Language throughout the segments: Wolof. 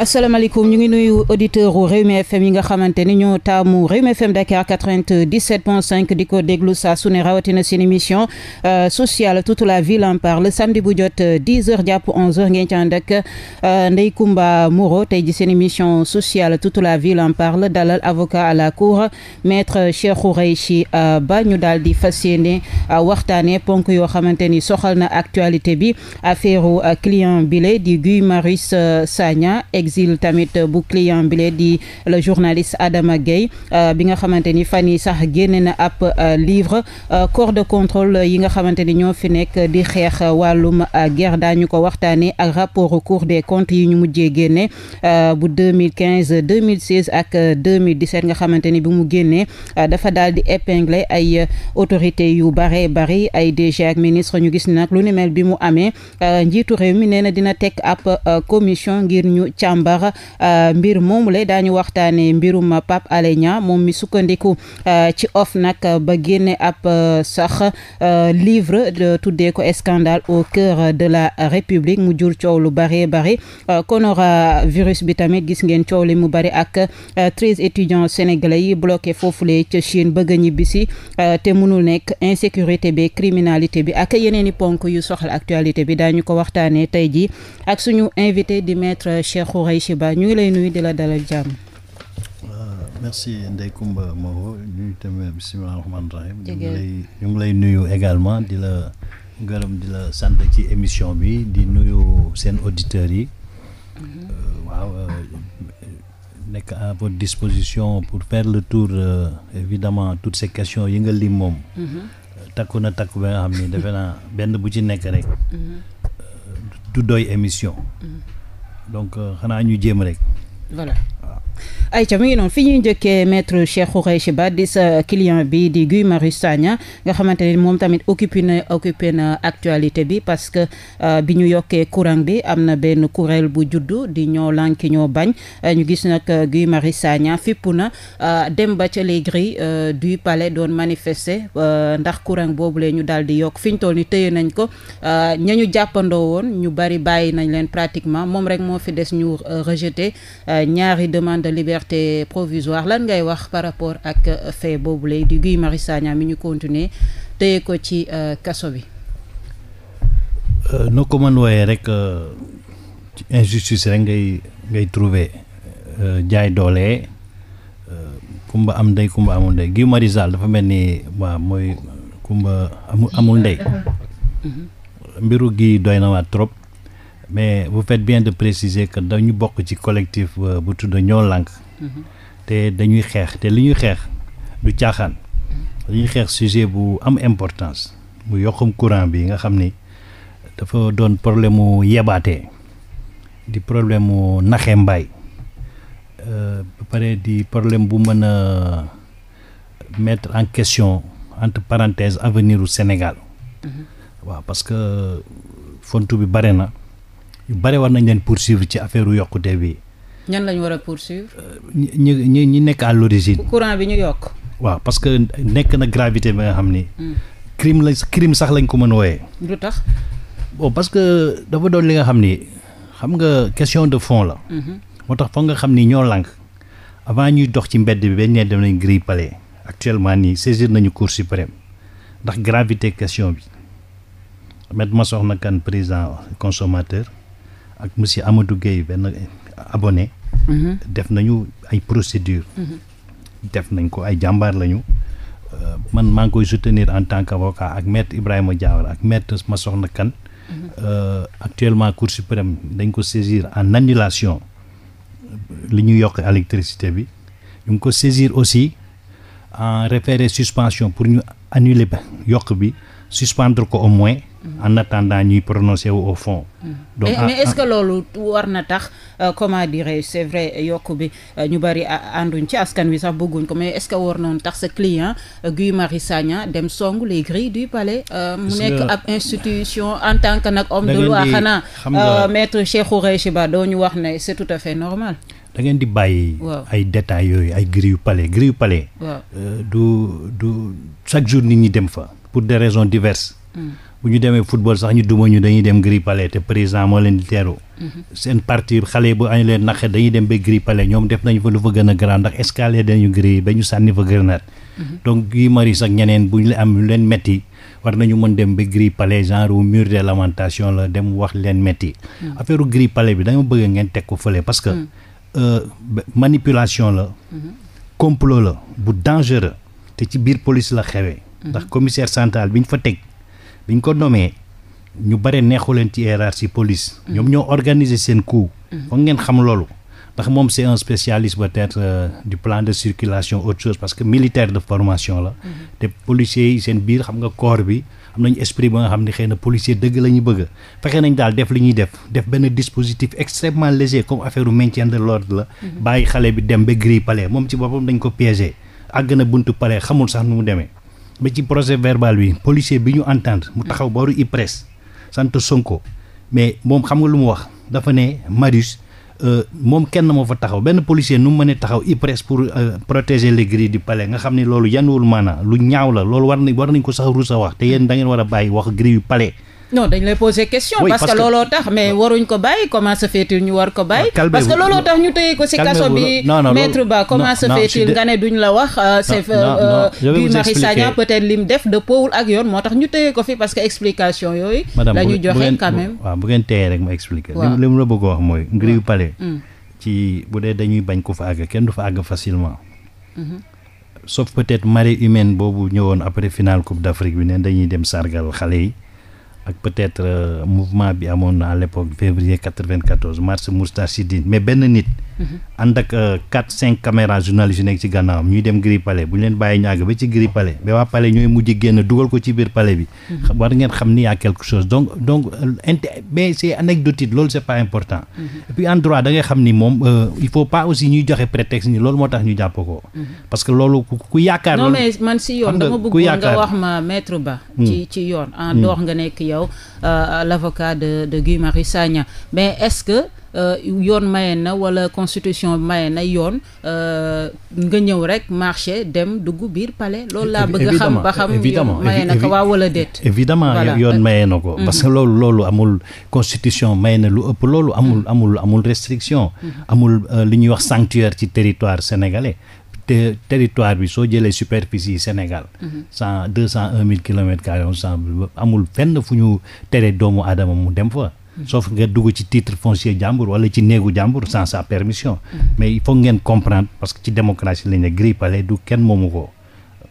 asalaamaaleykum ñu ngi nuyu auditeurs u Rewmi FM yi nga xamante ni ñoo taamu Rewmi FM Dakar 97.5 di ko déglu saa ne rawatina seen émission euh, sociale toute la ville en parle samedi bu jot 10 euh, heures jàpp 11 heures ngeen ci ànd ak euh, ndey Comba Moreau tey ji seen émission sociale toute la ville en parle dalal avocat à la cour maître Cheikh Khoureychi Ba ñu daal di fas yéene waxtaanee ponk yoo xamante ni soxal na actualité bi affaire client bile di Guy Marius Sagna exil tamit euh, bu client bi di le journaliste Adama Gueye euh, bi nga xamante ni fan yi sax génne na ab euh, livre corps de contrôle yi nga xamante ni ñoo fi nekk di xeex wàllum daa ñu ko waxtaanee ak rapport cour des comptes yi ñu mujjee génne bu 2015 2016 ak 2017 nga xamante ni bi mu génnee dafa daal di épingler ay autorités yu bare bari ay DG ak ministre ñu gis nag lu ni mel bi mu amee njiitu réew mi nee dina teg ab commission ngir ñu càmbar euh, mbir moomu la daañu waxtaanee mbirum Pape Alé Niang moom mi sukkandiku euh, ci OFNAC ba génne ab euh, sax livre de tuddee ko scandale au cœur de la République mu jur coow lu bare bare coronavirus bi tamit gis ngeen coow li mu bare ak treize étudiants sénégalais yi bloqué foofulee ca Chine bëgg ñibbisi te mënul nekk insécurité be criminalité bi ak yeneen i ponk yu soxla actualité bi suñu invité di maître Cheikh Khoureychi Ba ñu ngi lay nuyu di la dalal jàmm. Euh, merci Ndeye Comba Moreau ñuy tamit bisimilah ngi lay ñu nuyu également di la gërëm di la sant ci émission bi di nuyu seen auditeurs yi. Mhm. Euh, waaw euh, nekk à votre disposition pour faire le tour euh, évidemment toutes ces questions yi nga lii moom. Mhm. takku na takku ba nga xam ni defe benn bu ci nekk rek. Mhm. du doy émission. donc euh, xanaa ñu jéem rek. voilà. ayca mi ngi noonu fi ñu njëkkee maître Cheikh Khoureyssi Ba di sa client bi di Guy Marius Sagna nga xamante ne moom tamit occupé na occupé na actualité bi parce que euh, bi ñu yokkee courant bi am na benn kuréel bu juddu di ñoo lànk ñoo bañ euh, ñu gis nag euh, Guy Marius Sagna fippu na dem ba ca les grilles du palais doon manifester ndax courant boobu la ñu daal di yokk fi ñu toll ni tëye nañ ko ña ñu jàppandoo woon ñu bari bàyyi nañ leen pratiquement moom rek moo fi des ñu rejeté demande de liberté provisoire lan ngay wax par rapport ak euh, fait boobu lay di Guy Marius Sagna mi ñu continuer téye ko ci euh, kaso bi. Euh, noo ko mën wooyee rek ci injustice rek ngay ngay trouver jaay doole kumba am ndey kumba amul ndey Guy Marius Sagna dafa mel ni waaw mooy kumba amul amul ndey. mbiru gi doy na waat trop. mais bu fet bien de préciser que dañu bokk ci collectif euh, bu tudd ñoo lànk mm-hmm. te dañuy xeex te li ñuy xeex du caaxaan li mm-hmm. ñuy xeex sujet bu am importance mu yokkum courant bi nga xam ni dafa doon problème mu yebaatee di problème mu naxee mbaay euh, ba pare di problème bu mën a mettre en question entre parenthèses avenir u Sénégal mm-hmm. waaw parce que fontu bi bare na yu bare war nañ leen pour poursuivre ci affaire u yokkute bi. ñan lañ war a pour euh, ñi ñi ñi nekk à l'origine courant bi ñu yokk. waaw parce que nekk na gravité bi nga xam ni. Hmm. crime la crime sax lañ ko mën wooyee. lu tax. bon parce que dafa doon li nga xam ni xam nga question de fond la. Hmm. moo tax foog nga xam ni ñoo lànk avant ñuy dox ci mbedd bi bañ ne dem nañ grille palais actuellement nii saisir nañu cour suprême ndax gravité question bi met ma soxna kan président consommateur. ak monsieur Amadou Gueye benn abonné mhm. def nañu ay procédure mhm. def nañ ko ay jàmbaar lañu euh, man maa ngi koy soutenir en tant qu'avocat ak maître Ibrahima Diawara ak maître Massokhna Kane mhm. euh, actuellement Cour suprême dañ ko saisir en annulation li ñu yokk électricité bi ñu ngi ko saisir aussi en référé suspension pour ñu annuler ba yokk bi suspendre ko au moins. Mhm. en attendant ñuy prononcer wu au fond. Mhm. donc mais, ah, est-ce ah. que loolu war na tax euh, comment dirais-je c'est vrai yokk bi euh, ñu bari ànduñ ci askan wi sax bëgguñ ko mais est-ce que war noonu tax sa client euh, Guy Marius Sagna dem song les grilles du pale mu nekk ab institution en tant que nag homme de loi xanaa. xam nga maître Cheikh Oureyssi Ba doo ñu wax ne c'est tout à fait normal. da ngeen di bàyyi. ay détails yooyu ay grilles yu pale grilles yu pale du du chaque jour nit ñi dem fa. pour des raisons diverses. Mm. bu ñu demee football sax ñu duma ñu dañuy dem Gris Palais te président moo leen di teeru. Mm-hmm. seen parti xale bu añ leen naqe dañuy dem ba Gris Palais ñoom def nañu fa lu fa gën a grand ndax escalier dañu gris ba ñu sànni fa grenade. Mm-hmm. donc Guy Marius sax ñeneen bu ñu am leen metti war nañu mën dem ba Gris Palais genre wu mur des lamentations la dem wax leen metti mm. affaire Gris Palais bi dañoo bëgg ngeen teg ko fële parce que. Mm. Euh, manipulation la. Mm-hmm. complot la bu dangereux te ci biir police la xewee. ndax commissaire central bi ñu fa teg bi ñu ko nommé ñu bare neexu leen ci hiérarchie police. Mm. ñoom ñoo organiser seen coup. Mm. foog ngeen xam loolu. ndax moom c'est un spécialiste peut-être euh, du plan de circulation autre chose parce que militaire de formation la. Mm-hmm. te policiers yi seen biir xam nga corps bi am nañu esprit nga xam ne xëy na policier dëgg la ñu bëgg fexe nañ daal def li ñuy def def benn dispositif extrêmement léger comme affaire u maintien de l'ordre la. Mm-hmm. bàyyi xale bi dem ba grille palais moom ci boppam ko piégé àgg na nu mu demee. ba ci procès verbal bi policier bi ñu entendre mu taxaw booru IPRES sant Sonko mais moom xam nga lu mu wax dafa ne Marius euh, moom kenn moo fa taxaw benn policier nu mu mënee taxaw IPRES pour euh, protéger les grilles du palais nga xam ni loolu wul maanaam lu ñaaw la loolu war nañ war nañ ko sax ruus a wax te yéen da ngeen war a bàyyi wax grille yu palais non dañ lay poser question. Oui, parce, que looloo tax mais waruñ ko bàyyi comment se fait-il ñu war ko bàyyi. parce que looloo tax ñu tëye ko ci kaso bi. maître Ba comment se fait-il nga ne duñ la wax. Euh, c'est euh, Guy Marius Sagna peut lim def dëppoowul ak yoon moo tax ñu tëye ko fi parce que explication yooyu. la ñu joxe quand même waaw bu ngeen tëyee rek ma expliquer. li mu la bëgg wax mooy ngir palais. Mm. ci bu dee dañuy bañ ko fa àgg kenn du fa àgg facilement. Mm-hmm. sauf peut-être marée humaine boobu ñëwoon après finale coupe d'Afrique bi ne dañuy dem sargal xale yi. ak peut-être euh, mouvement bi amoon na à l'époque février 94 mars Moustarchidine mais benn nit ànd ak euh, quatre cinq caméras journalistes yu nekk ci gànnaawam ñuy dem gris palais bu ñu leen bàyyi ñàgg ba ci gris palais ba waa palais ñooy mujj génn dugal ko ci biir palais bi. Mhm. war ngeen xam ni a euh, mhm. moom euh, il faut pas aussi ñuy joxe prétexte ni loolu moo tax ñu jàpp ko. Mhm. parce que loolu ku yaakaar. loolu mais man si yoon dama bëggoon nga wax ma maître Ba. Hmm. ci yoon en hmm. nga nekk yow l' de de Guy mais est Euh, yoon maye na wala constitution maye na yoon euh, nga ñëw rek marché dem dugg biir pale loolu laa bëgg xam ba xam maye na ko waa wala déet évidemment yoon maye na ko mm-hmm. parce que loolu loolu amul constitution maye na lu ëpp loolu amul mm-hmm. amul amul restriction mm-hmm. amul euh, li ñuy wax sanctuaire ci teritoire sénégalais te territoire bi soo jëlee superficie Sénégal cent deux cent un mille kilomètres carrés amul fenn fu ñu tere doomu aadama mu dem fa sauf nga dugg ci titre foncier jàmbur wala ci néegu jàmbur sans sa permission mais il faut ngeen comprendre parce que ci démocratie lañ ne grille palais du kenn moomu ko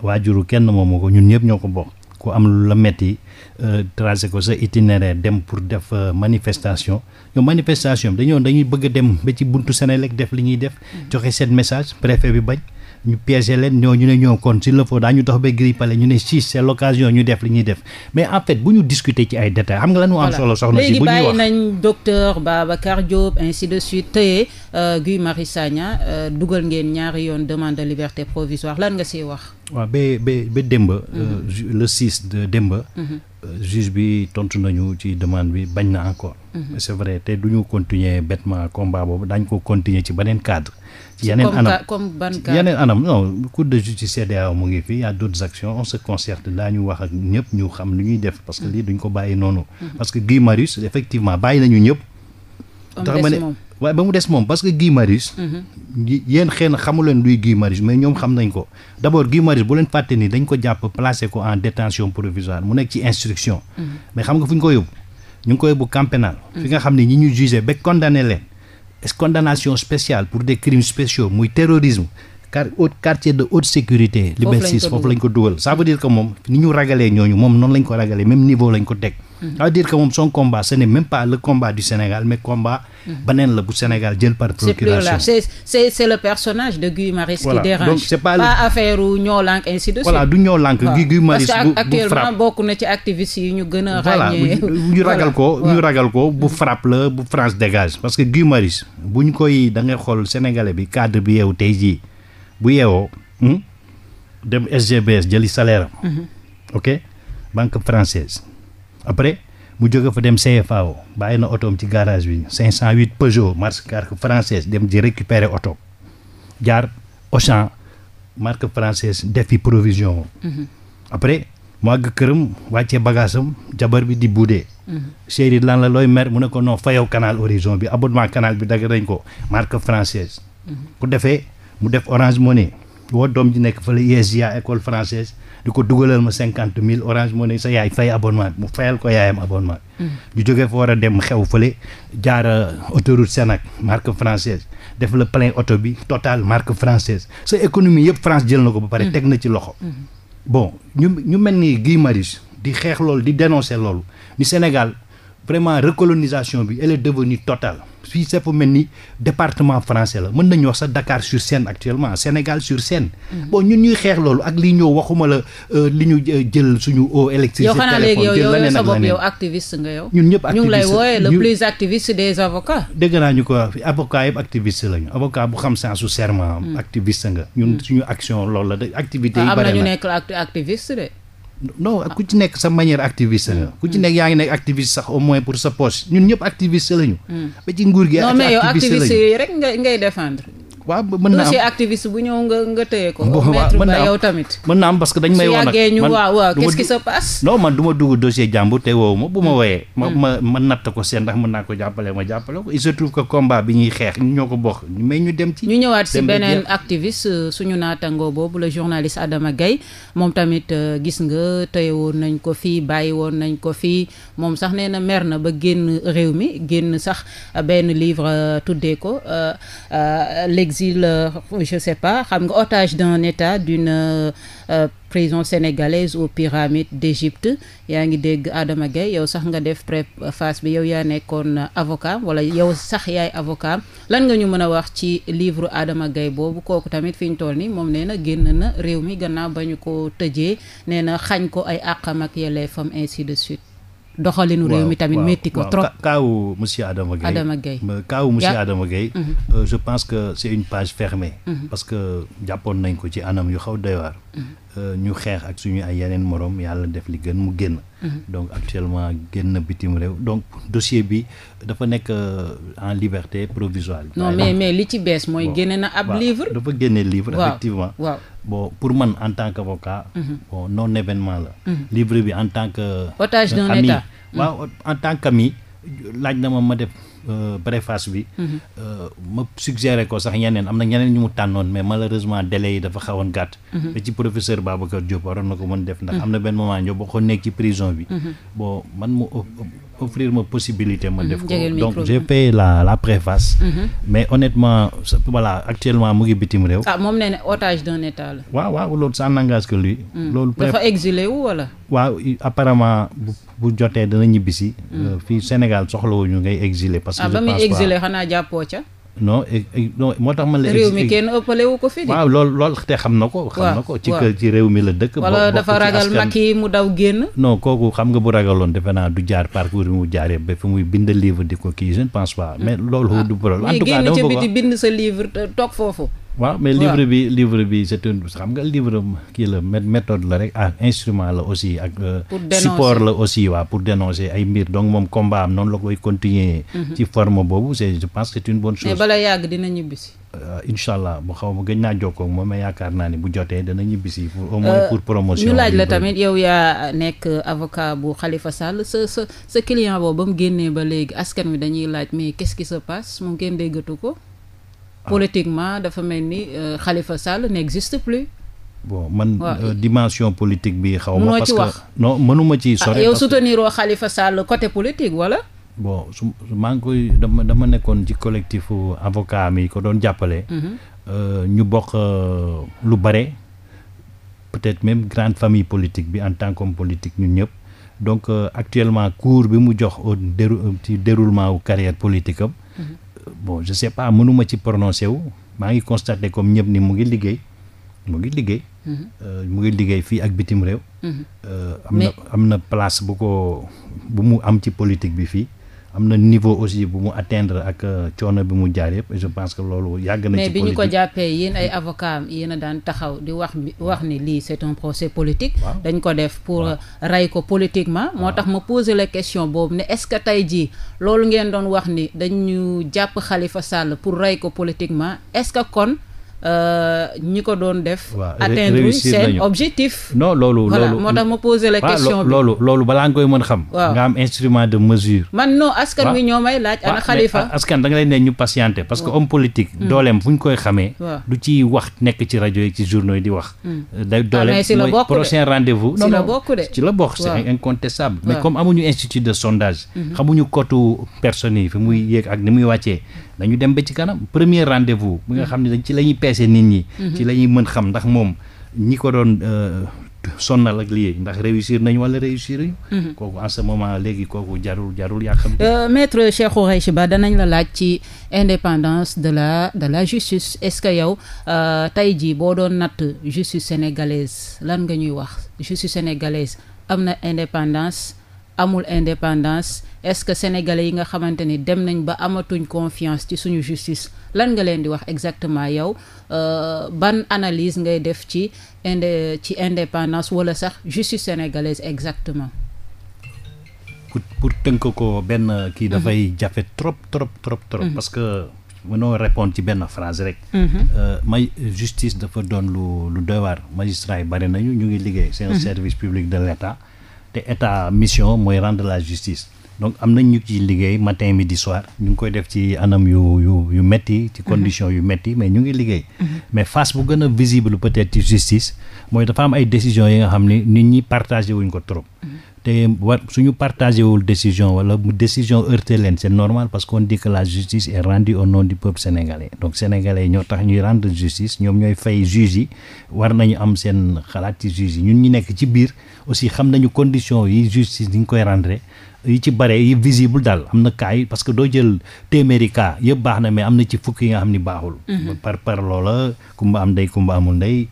waajuru kenn moomu ko ñun ñëpp ñoo ko bokk ku am lu la metti euh, tracé ko sa itinéraire dem pour def euh, manifestation ñoom manifestation dañoo dañuy bëgg a dem ba ci buntu Senelec def li ñuy def mm. joxe seen message préfet bi bañ ñu piégé leen ñoo ñu ne ñoom kon s'il le faut daañu dox ba Gris Palais ñu ne si c'est l'occasion ñu def li ñuy def mais en fait bu ñu discuter ci ay détails xam nga lan moo am solo soxna si bu ñuy wax léegi bàyyi nañ docteur Babacar Diop ainsi euh, Guy Marius euh, dugal ngeen ñaari yoon demande de liberté provisoire lan nga see wax waaw ba ba ba démba euh, mhm. le 6 de démba mhm. juge bi tontu nañu ci demande bi bañ na encore mhm. c'est vrai te du ñu continuer bêtement combat boobu daañ ko continuer ci beneen cadre yeneen anam comme ban cas yeneen anam non cour de justice CEDEAO mu ngi fi y a d'autres on se concerte daañu wax ak ñëpp ñu xam lu ñuy def parce que lii duñ ko bàyyi noonu mhm. parce que Guy Marius effectivement bàyyi nañu ñëpp ba mu des moom parce que Guy Marius mhm. yéen xëy na xamuleen luy Guy Marius mais ñoom xam nañ ko d'abord Guy Marius bu leen fàtte ni dañ ko jàpp placé ko en détention provisoire mu nekk ci instruction mhm. mais xam nga fu ñu ko yóbbu ñu ngi ko yóbbu camp condamnation spéciale pour des crimes spéciaux muy terrorisme car quartier de haute sécurité Liberté 6 foofu lañ ko dugal ça veut dire que moom ni ñu ragalee ñooñu moom noonu lañ ko ragale même niveau lañ ko teg ça veut dire moom son combat ce n'est même pas le combat du Sénégal mais combat beneen la bu Sénégal jël par procuration c'est c'est le personnage de Guy maris voilà. qui dérange donc pas affaire u ñoo lànk ainsi de du ñoo lànk gi Guy Marius bu bokk na ci activistes yi ñu gën a ràññee ñu ragal ko ñu ragal ko bu mm. frappe bu France dégage parce que Guy bu ñu koy dangay ngay xool bi cadre bi yeewu tey jii bu yeewoo hmm, dem SGBS jëli salaire am mm-hmm. banque française après mu jóge fa dem CFAO bàyyi na otoom ci garage bi 508 Peugeot marque française dem di récupérer oto jaar Auchan marque française fi provision. Mhm. après mu àgg këram wàccee bagage am jabar bi di buudee. Mhm. chéri lan la looy mer mu ne ko non fayoo canal horizon bi abonnement canal bi dagg nañ ko marque française mhm. ku defee mu def orange money woo doom ji nekk fële ISIA école française di ko dugalal ma cinquante mille orange moo ne sa yaay fay abonnement bi mu fayal ko yaayam abonnement bi mm. ñu jógee fa war a dem xew fële jaara euh, autoroute Sénac marque française def la plein auto bi total marque française sa économie yëpp France jël na ko ba pare mm. teg na ci loxo mm-hmm. bon ñu ñu mel ni Guy Marius di xeex loolu di dénoncer loolu ni Sénégal vraiment recolonisation bi elle est devenue totale fii dafa mel ni département français la mën nañu wax sa Dakar sur scène actuellement Sénégal sur scène. Mm-hmm. bon ñun ñuy xeex loolu ak li ñëw waxuma la euh, li ñu euh, jël suñu eau électricité téléphone jël leneen ak leneen yow activiste nga yow. ñun ñëpp activiste ñu ngi lay wooyee le plus activiste des avocats. dégg naa ñu ko avocat yëpp activiste lañu avocat bu xam sensu serment. Mm. activiste nga ñun mm. suñu action loolu la de activité yi. bare na nekk activiste de. non ku ci nekk sa manière activiste la. ku ci nekk yaa ngi nekk activiste sax au moins pour sa poche ñun ñëpp activiste lañu. Hmm. ba ci nguur gi. activiste lañu non mais yow activiste yooyu rek ngay ngay défendre. waaw mën naa am bu ñëw nga nga tëye ko. maître ba tamit. mën naa am parce que dañ may woo nag su yàggee ñu waaw waaw qu'est-ce qui se passe. non man du ma dugg dossier jàmbur te woowu ma bu ma hmm. wooyee. ma hmm. ma ma natt ko seen ndax mën naa ko jàppale ma jàppale ko il se trouve que combat bi ñuy xeex ñoo ko bokk ma ñu dem ci. ñu ñëwaat si beneen activiste euh, suñu naatangoo boobu le journaliste Adama Gaye moom tamit euh, gis nga tëye woon nañ ko fii bàyyi woon nañ ko fii moom sax nee na mer na ba génn réew mi génn sax benn livre euh, tuddee ko l'exil asile euh, je sais pas xam nga otage d'un état d'une euh, euh, prison sénégalaise aux pyramides d'Égypte yaa ngi dégg Adama gay yow sax nga def pré face bi yow yaa nekkoon avocat wala yow sax yaay avocat lan nga ñu mën a wax ci livre Adama Gaye boobu kooku tamit fi ñu toll nii moom nee na génn na réew mi gannaaw ba ñu ko tëjee nee na xañ ko ay àqam ak yelleefam ainsi de suite doxalinu réew mi tamit métti ko trop kaawu monsieur Adama Gueye Adama Gueye kaawu monsieur Adama Gueye mhm. euh, je pense que c'est une page fermée mhm. parce que jàppoon nañ ko ci anam yu xaw doy mhm. euh, ñu xeex ak suñu ay yeneen moroom yàlla def li gën mu génn donc actuellement génn bitim réew donc dossier bi dafa nekk euh, en liberté provisoire non mais mais li ci bees mooy génne na ab livre dafa génne livre effectivement bon pour man en tant que avocat. Mhm. bon non événement la. Mhm. livre bi en tant que. otage d'un état waaw mhm. en tant qu'ami laaj na ma ma def euh, préface bi. Euh, ma suggéré ko sax ñeneen am na ñeneen ñu mu tànnoon mais malheureusement délai yi dafa xawoon gàtt. da ci professeur Babacar Diop waroon na ko mën def. ndax am na benn moment ñoo boo ko nekk ci prison bi. bon man mu offrir ma possibilité ma def ko donc j'ai payé la la préface mhm. mais honnêtement voilà actuellement mu ngi bitim réew ah moom nee otage d'un état la waaw waaw loolu ça n'engage que lui hmm. loolu dafa exilé wu wala waaw apparemment bu jotee dana ñibbisi hmm. euh, fii Sénégal soxlawuñu ngay exilé parce ah, ba muy exilé xanaa jàppoo ca Eh, eh, non moo tax ma la. réew mi kenn ëppale wu ko fi de. waaw lool lool te xam na ko. xam na ko ci kër ci réew mi la dëkk. wala dafa ragal Macky mu daw génn. non kooku xam nga bu ragaloon defe naa du jaar parcours bi mu jaaree ba fi muy bind livre di ko kii je ne pense pas mais ah. loolu. du problème en tout cas dama bëgg a bind sa livre toog foofu. waaw mais livre bi livre bi c'est un xam nga livre kii la méthode la rek ah instrument la aussi ak. Euh, support la aussi waaw pour dénoncer ay mbir donc moom combat am noonu la koy continuer. Mhm. ci forme boobu c'est je pense que c'est une bonne chose. mais bala yàgg dina ñibbisi. Euh, incha allah bu xaw ma gën naa jokkoo ak moom mais yaakaar naa ni bu jotee dana ñibbisi pour au moins euh, pour promotion. ñu laaj la tamit yow yaa nekk avoca bu xalifa Sall sa sa sa client boobu ba mu génnee ba léegi askan wi dañuy laaj mais qu'est-ce qui se passe moom ko. politiquement dafa mel ni euh, Khalifa Sall n'existe plus. bon man ouais. Euh, dimension politique bi xaw ma ah, parce que mënuma ci sori yow soutenir oo Khalifa Sall côté politique wala bon su maa ngi koy dama dama nekkoon ci collectif avocat mi ko doon jàppale mhm. euh, ñu bokk lu bare peut-être même grande famille politique bi en tant qu'homme politique ñun ñëpp donc euh, actuellement cours bi mu jox au déru déroulement wu carrière politique bon je sais pas mënuma ci prononcé wu maa ngi constaté comme ñëpp ni mu ngi liggéey mu ngi liggéey. Mhm. Euh, mu ngi liggéey fii ak bitim réew. Mhm. Euh, am na am na place bu ko bu mu am ci politique bi fii. am na niveau aussi bu mu atteindre ak euh, coono bi mu jaar yëpp et je pense que loolu yàgg na. ci politique mais bi ñu ko jàppee yéen ay avocats am yéen a daan taxaw di wax wax ni lii c'est un procès politique. dañ ko def pour rey ko politiquement. moo tax ma poser la question boobu ne est-ce que tey jii loolu ngeen doon wax ni dañu jàpp xalifa Sall pour rey ko politiquement est-ce que kon. Euh, ñi ko doon def. atteindre seen objectif. non loolu voilà moo tax ma posé la question bi loolu loolu balaa nga koy mën xam. nga am instrument de mesure. man non askan wi ñoo may laaj. ana Khalifa da nga lay ne ñu patienté. parce que homme politique. Hmm. dooleem fu ñu koy xamee. du ci wax nekk ci rajo yi ci journaux yi di wax. Hmm. Euh, day ah, dooleem mooy prochain rendez-vous. non ci la bokk c'est incontestable. mais comme amuñu institut de sondage. Hmm. xamuñu kottu personnes yi fi muy yéeg ak ni muy wàccee. nañu dem ba ci kanam premier rendez-vous bi nga xam ne dañ ci la ñuy peese nit ñi mhm. ci la ñuy mën xam ndax moom ñi ko doon euh, sonnal ak lii ndax réussir nañu wala réussir ñu mhm. kooku en ce moment léegi kooku jarul jarul yaa xam euh, maître Cheikh Khoureychi Ba danañ la laaj ci indépendance de la de la justice est-ce que yow euh, tey jii boo doon natt justice sénégalaise lan nga ñuy wax justice sénégalaise am na indépendance amul indépendance est-ce que sénégalais yi nga xamante ni dem nañ ba amatuñ confiance ci suñu justice lan nga leen di wax exactement yow euh, ban analyse ngay def ci inde ci indépendance wala sax justice sénégalaise exactement. pour pour tënk ko benn kii mhm. dafay jafe trop trop trop trop. Mhm. parce que mënoo répondre ci benn phrase rek. Mhm. Euh, may justice dafa doon lu lu doy waar magistrat yi bari nañu ñu ngi liggéey. seen service public de l'État te état mission mooy rendre la justice. donc am nañ ñu ci liggéey matin di soir ñu ngi koy def ci anam yu yu yu métti ci condition yu métti mais ñu ngi liggéey mhm. mais face bu gën a visible peut-être ci justice mooy dafa am ay décision yi nga xam ne nit ñi partagé wuñ ko trop mhm. te war suñu partagé wul décision wala mu décision heurté leen c'est normal parce qu'on dit que la justice est rendue au nom du peuple sénégalais donc sénégalais ñoo tax ñuy rendre justice ñoom ñooy fay juges yi war nañu am seen xalaat ci juges yi ñun ñu nekk ci biir aussi xam nañu condition yi justice ni ñu koy rendre yi ci bare yi visible daal am na cas yi parce que doo jël téeméeri cas yëpp baax na mais am na ci fukk yi nga xam ni baaxul. Mhm. par par loola kumba am ndey kumba amul ndey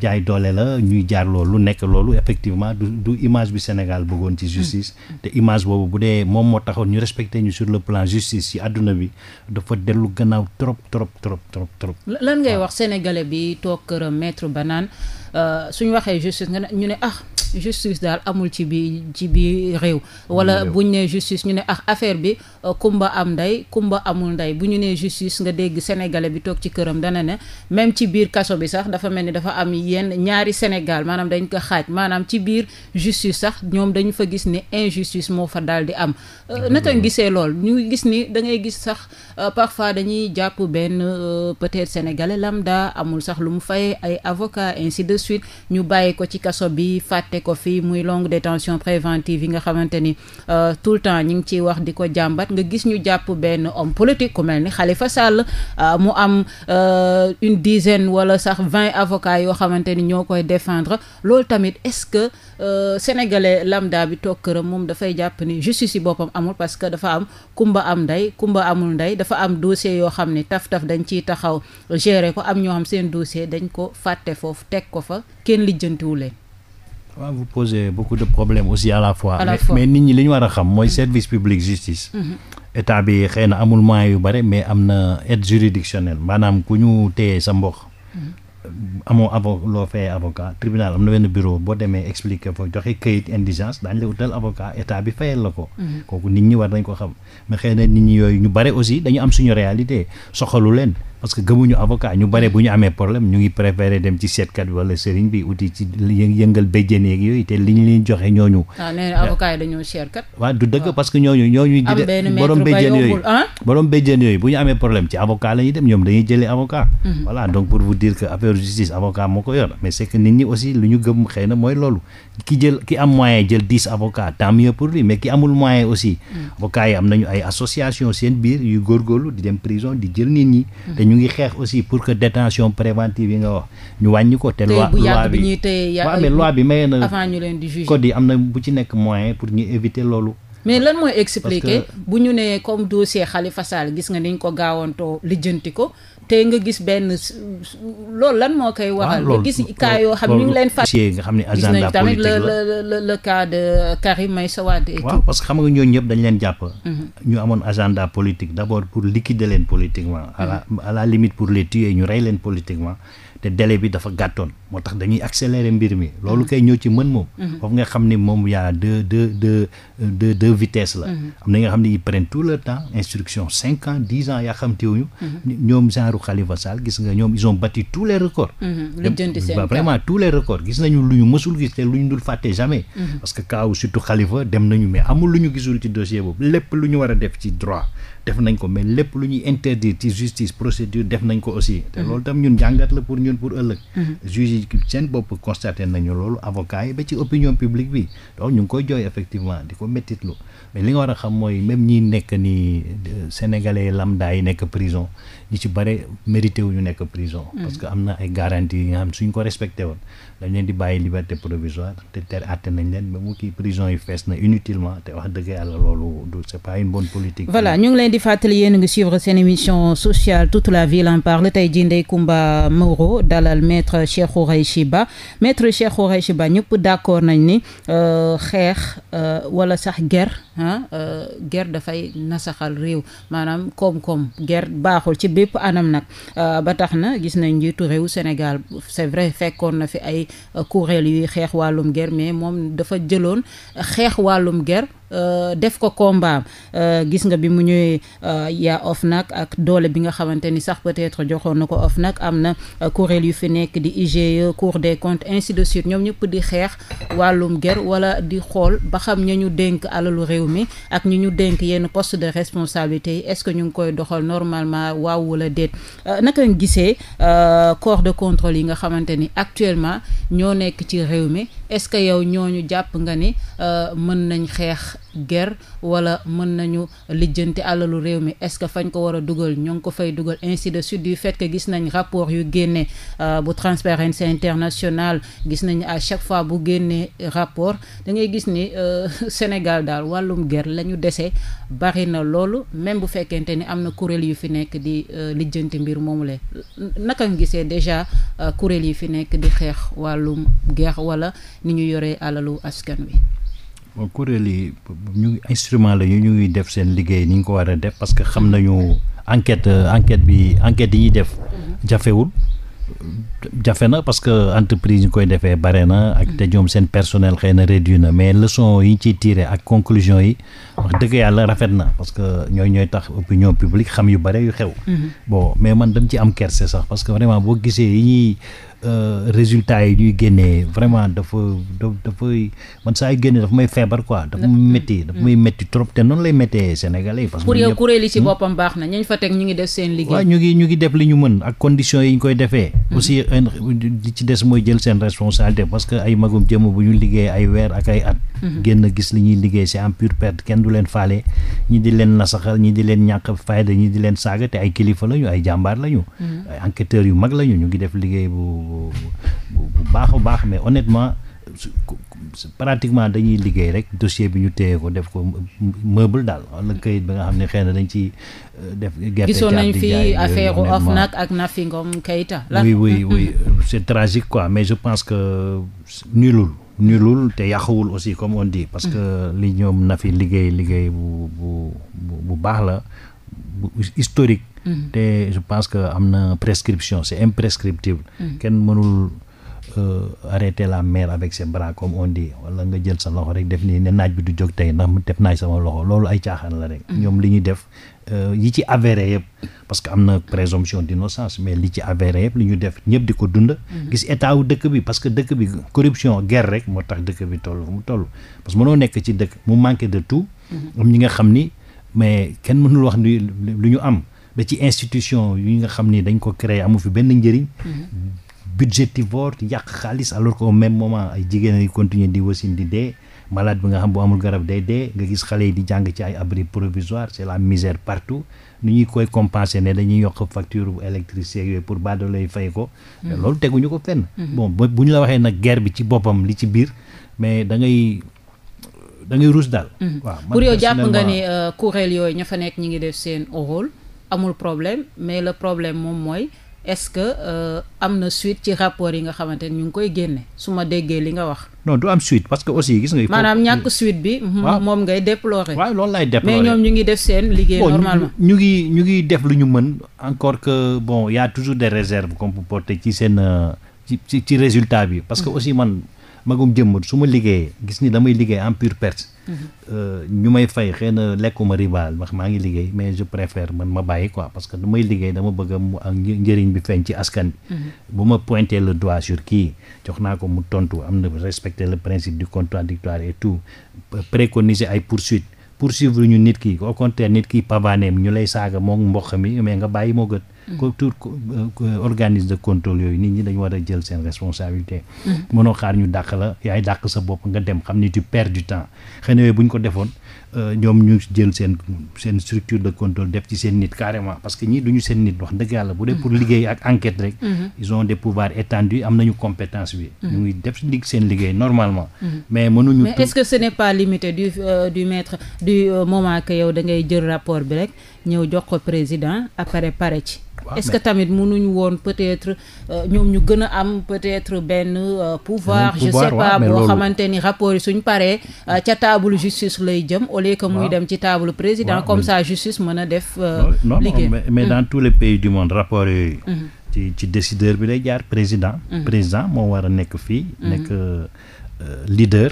jaay doole la ñuy jaar loolu nekk loolu effectivement du du image bi Sénégal bëggoon ci justice. Mhm. te image boobu bu dee moom moo taxoon ñu respecté ñu sur le plan justice ci àdduna bi dafa dellu gannaaw trop trop trop trop trop. lan ngay wax sénégalais bi toog këram maître banaan Euh, suñu waxee justice nga ne ñu ne ax ah, justice daal amul ci bi ci bi réew wala buñ ne justice ñu ne ax ah, affaire bi euh, kumba am ndey kumba amul ndey bu ñu nee justice nga dégg sénégalais bi toog ci këram dana ne même ci biir kaso bi sax dafa mel ni dafa am yenn ñaari sénégal maanaam dañ ko xaaj maanaam ci biir justice sax ñoom dañu fa gis ni injustice moo fa daal di am euh, naka gisee lool ñu gis ni da ngay gis sax parfois dañuy jàpp benn peut-être sénégalais lambda amul suite ñu bàyyi ko ci kaso bi fàtte ko fii muy longue détention préventive yi nga xamante ni euh, tout le temps ñu ngi ciy wax di ko jàmbat nga gis ñu jàpp benn homme politique ku mel ni fa Sall euh, mu am euh, une dizaine wala sax vingt avocats yoo xamante ni ñoo koy défendre loolu tamit est-ce que sénégalais lambda bi toog këram moom dafay jàpp ni justice yi boppam amul parce que dafa am kumba am ndey kumba amul ndey dafa am dossier yoo xam ne taf-taf dañ ciy taxaw gérer ko fa kenn lijjantiwu leen. waaw vous posez beaucoup de problèmes aussi à la fois. la fois mais nit ñi li ñu war a xam mooy mm-hmm. service public justice. Mm-hmm. état bi xëy na amul moyens yu bare mais am na aide juridictionnelle maanaam ku ñu téye sa mboq. Mm-hmm. amoo avo loo fayee avocat tribunal am na benn bureau boo demee expliquer fa joxe kayit indigence daañu la utal avocat état bi fayal la ko. kooku nit ñi war nañ ko xam. mais xëy na nit ñi yooyu ñu bare aussi dañu am suñu réalité parce que gëmuñu avocat ñu bare mm. bu ñu amee problème ñu ngi préféré dem ci seetkat bi wala sëriñ bi uti ci yëngal béjjén yeeg yooyu te li ñu joxe ñooñu. ah nee na avocat yi dañoo que ñooñu ñooñu. am benn borom yooyu borom béjjén yooyu bu ñu amee problème ci avocat la dem ñoom dañuy jëlee avocat. Mm-hmm. voilà donc pour vous dire que affaire justice avocat moo ko yor mais c'est nit ñi aussi lu ñu gëm xëy mooy loolu ki jël ki am moyen jël dix avocats tant mieux pour lui mais ki amul moyen aussi. Mm. avocat yi am nañu ay association seen biir yu góorgóorlu di dem prison di jël nit ñi mm-hmm. ñu ngi xeex aussi pour que détention préventive yi nga wax ñu wàññi ko te loi bi waaw mais loi bi may na avant ñu leen di juger code yi am na bu ci nekk moyen pour ñu éviter loolu mais lan mooy expliquer bu ñu nee comme dossier Khalifa Sall gis nga niñ ko gaawantoo lijjanti ko te nga gis benn lool lan moo koy ah, waral nga gis cas yoo xam ñu ngi leen fàtte nga xam ne agenda politique la le le le cas de Karim Meïssa Wade et tout parce que xam nga ñooñu ñëpp dañ leen jàpp mhm. ñu amoon agenda politique d'abord pour liquider leen politiquement à la à la limite pour les tuer ñu rey leen politiquement te délai bi dafa gàttoon moo tax dañuy accélérer mbir mi loolu kay ñëw ci mën moom mhm. foofu nga xam ne moom yaa deux deux de de deux vitesses la mhm. am na nga xam ne ils prennent tout leur temps instruction cinq ans dix ans yaa xam teewuñu mhm. ñoom genre Khalifa Sall gis nga ñoom ils ont battu tous les records vraiment tous les records gis nañu lu ñu mësul gis te lu ñu dul fàtte jamais parce que kaaw surtout Khalifa dem nañu mais amul lu ñu gisul ci dossier boobu lépp lu ñu war a def ci droit def nañ ko mais lépp lu ñuy interdire ci justice procédure def nañ ko aussi te loolu tam ñun jàngat la pour ñun pour ëllëg mhm. juge yi seen bopp constaté nañu loolu avocat yi ba ci opinion publique bi donc ñu ngi koy jooy effectivement di ko méttitlu mais li nga war a xam mooy même ñi nekk ni sénégalais lambda yi nekk prison ñi ci bare mérité wu ñu nekk prison mhm. parce que am na ay garantie yi nga xam suñ ko respecté woon dañ leen di bàyyi liberté provisoire te ter àtte leen ba mu kii prison yi fees na inutilement te wax dëgg yàlla loolu du c'est pas di fàttali yéen a ngi suivre seen émission sociale toute la ville en parle tey jii Ndeye Comba Moreau dalal maître Cheikh Khoureychi Ba maître Cheikh Khoureychi Ba ñëpp d'accord nañ ni euh, xeex euh, wala sax ger ah ger dafay nasaxal réew maanaam koom-koom ger baaxul ci bépp anam nag euh, ba tax na gis nañ njiitu réew Sénégal c'est vrai fekkoon na fi ay kuréel yuy xeex wàllum ger mais moom dafa jëloon xeex wàllum ger Euh, def ko combat euh, gis nga bi mu ñëwee euh, yaa nag ak doole bi nga xamante ni sax peut-être joxoon na ko nag am na kuréel yu fi nekk di IGE Cour des comptes inci de suite ñoom ñëpp di xeex wàllum ger wala di xool ba xam ña ñu dénk alalu réew mi ak ñu ñu dénk yenn poste de responsabilité yi est-ce que ñu ngi koy doxal normalement waaw wala déet naka nga gisee corps de contrôle yi nga xamante ni actuellement ñoo nekk ci réew mi est-ce que yow ñooñu jàpp nga ni mën nañ xeex ger wala mën nañu lijjanti alalu réew mi est-ce que fañ ko war a dugal ñoo ngi ko fay dugal ainsi de suite yu fait que gis nañ rapport yu génne euh, bu Transparency International gis nañu à chaque fois bu génnee rapport da ngay gis ni euh, Sénégal daal wàllum ger la ñu dese bari na loolu même bu fekkente ni am na kuréel yu fi nekk di euh, lijjanti mbir moomu le naka nga gisee déjà kuréel yi fi nekk di xeex wàllum guerre wala ni ñu yoree alalu askan wi kuréel yi ñu instrument la ñu ñuy def seen liggéey ni ñu ko war a def parce que xam nañu enquête enquête bi enquête yi ñuy def jafewul jafe na parce que entreprise ñu koy defee bare na ak te ñoom seen personnel xëy na réduit na mais leçon yi ñu ciy tiire ak conclusion yi wax dëgg yàlla rafet na parce que ñooy ñooy tax opinion publique xam yu bare yu xew mhm. bon mais man dam ci am kerse sax parce que boo gisee yi ñuy Euh, résultats yi ñuy génnee vraiment dafa dafay man saa yu génne dafa may feebar quoi. dafa may métti dafa may mm. métti trop te noonu lay méttee Sénégalais yi. parce que pour yow kuréel ci hmm? boppam baax na ñañ fa teg ñu ngi def seen liggéey. ñu ngi def li ñu mën ak conditions yi ñu koy defee. Hmm. aussi li ci des mooy jël seen responsabilité parce que ay magum jëm bu ñu liggéey ay weer ak ay at. Hmm. génn gis li ñuy liggéey c'est en pure perte kenn du leen faale ñi di leen nasaxal ñi di leen ñàkk fayda ñi di leen saaga te ay kilifa lañu ay jàmbaar lañu. ay enquêteurs yu mag lañu ñu ngi def liggéey bu bu baax a baax mais honnêtement pratiquement dañuy liggéey rek dossier bi ñu téye ko def ko meuble daal wala kayit bi nga xam ne xëy na dañ ci euh, def. gerte gisoon nañ fi affaire OFNAC ak Nafi Ngom kayita la oui oui oui c'est tragique quoi mais je pense que nulul nulul te yàquwul aussi comme on dit. parce que li ñoom Nafi liggéey liggéey bu bu bu baax la historique. Mm. te er je pense que am na prescription c'est imprescriptible mm. kenn mënul øh, arrêter la mer avec ses bras comme on dit wala nga jël sa loxo rek def nii ne naaj bi du jóg tey ndax def naaj sama loxo loolu ay caaxaan la rek mm. ñoom li ñuy def euh, ci avéré yëpp parce que am na présomption d'innocence mais li ci avéré yëpp ñu def ñëpp di ko dund gis état dëkk bi parce que dëkk bi corruption guerre rek moo tax dëkk bi toll fu mu toll parce que mënoo nekk ci dëkk mu manqué de tout mm-hmm. am ñi nga xam ni mais kenn mënul wax ni lu ñu am ba ci institution yi nga xam ni dañ ko créer amu fi benn njëriñ mhm. budgétivore yàq xaalis alors qu'au même moment ay jigéen yi continuer di wasin di dee malade bi nga xam bu amul garab day dee nga gis xale yi di jàng ci ay abri provisoire c'est la misère partout nu ñu koy compenser ne dañuy yokk facture bu électricité yooyu pour baadoo lay fay ko mhm. loolu ñu ko fenn mhm. bon bu ñu la waxee nag guerre bi ci boppam li ci biir mais da ngay da ngay ruus daal waaw euh, nekk ñi ngi def seen rôle amul problème mais la problème moom mooy est-ce que euh, am na suite ci rapport yi nga xamante ni ñu ngi koy génne su ma déggee li nga wax. non du am suite parce que aussi gis nga. maanaam ñàkk suite bi. moom ngay déplorer. waaw loolu laay déplorer mais ñoom ñu ngi def seen liggéey. normalement ñu ngi ñu ngi def lu ñu mën encore que bon yaa a toujours des réserves qu'on peut porter ci seen euh, ci ci résultat bi. parce que mm-hmm. aussi man. magum jëmm su ma liggéeyee gis ni damay liggéey en pure perte. Mhm. Euh, ñu may fay xëy na lekkuma ribaal wax maa ngi liggéey mais je préfère man ma bàyyi quoi parce que du may liggéey dama bëgg mu ak njëriñ bi feeñ ci askan bi. Mhm. bu ma pointé le doigt sur kii jox naa ko mu tontu am na respecter le principe du contradictoire et tout préconiser ay poursuites. poursuivre ñu nit ki au nit ki pavaneem ñu lay saaga moom mboq mi mais nga bàyyi moo gën. tout euh, organisme de contrôle yooyu nit ñi dañu war a jël seen responsabilité mënoo xaar ñu dàq la yaay dàq sa bopp nga dem xam ni tu perds du temps xëy yooyu bu ñu ko defoon euh, ñoom ñu jël seen structure de contrôle def ci seen nit carrément parce que ñii duñu seen nit wax dëgg yàlla bu dee pour liggéey ak enquête rek mm-hmm. ils ont des pouvoirs étendus am nañu compétence bi mm-hmm. ñu ngi def dig seen liggéey normalement mm-hmm. mais mënuñu mais est-ce que ce n'est pas limité du euh, du est-ce que tamit mënuñu woon peut-être euh, ñoom ñu gën a am peut-être benn euh, pouvoir je sais pas boo xamante ni rapport yi suñ paree euh, ca table justice lay jëm au lieu que muy dem ci table président comme ça justice mën a def liggéey mais dans mm-hmm. tous les pays du monde rapport yooyu mm-hmm. ci ci décideur bi lay jaar président mm-hmm. président moo war a nekk fii nekk leader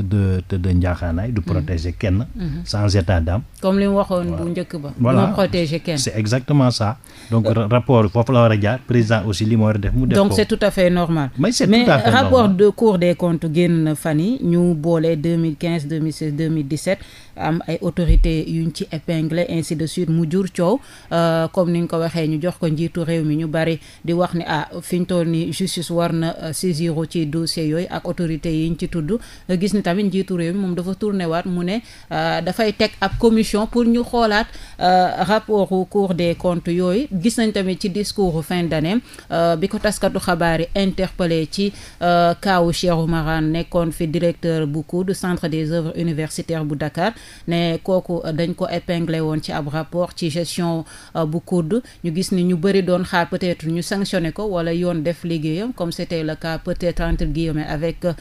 tëdd tëdd njaaxaanaay du mm-hmm. protéger kenn mm-hmm. sans état d'âme comme li mu waxoon bu njëkk ba voilà du protéger kenn c'est exactement ça donc euh, rapport foofu la war a jaar président aussi li mu war a def mu donc c'est tout à fait normal mais rapport de Cour des comptes génn fan ñu boole am ay autorité ñu ci épinglé ainsi de suite mu jur coow euh, comme ni nga ko waxee ñu jox ko njiitu réew mi ñu bari di wax ni ah fiñ ñu toll ni justice war na euh, saisir ci dossier yooyu ak autorité ñu ci tudd euh, gis ni tamit njiitu réew mi moom dafa tourné waat mu ne dafay teg ab commission pour ñu xoolaat rapportu cour de comptes yooyu gis nañ tamit ci discours fin d'année bi ko taskatu xabaar yi interpellé ci kaawu Cheikh Oumar Anne nekkoon fi directeur bu COUD centre des œuvres universitaires bu Dakar ne kooku euh, dañ ko épinglé woon ci ab rapport ci gestion euh, bu COUD ñu gis ni ñu bëri doon xaar peut-être ñu sanctionné ko wala yoon def liggéeyam comme c'était le cas peut-être entre guillemets avec euh,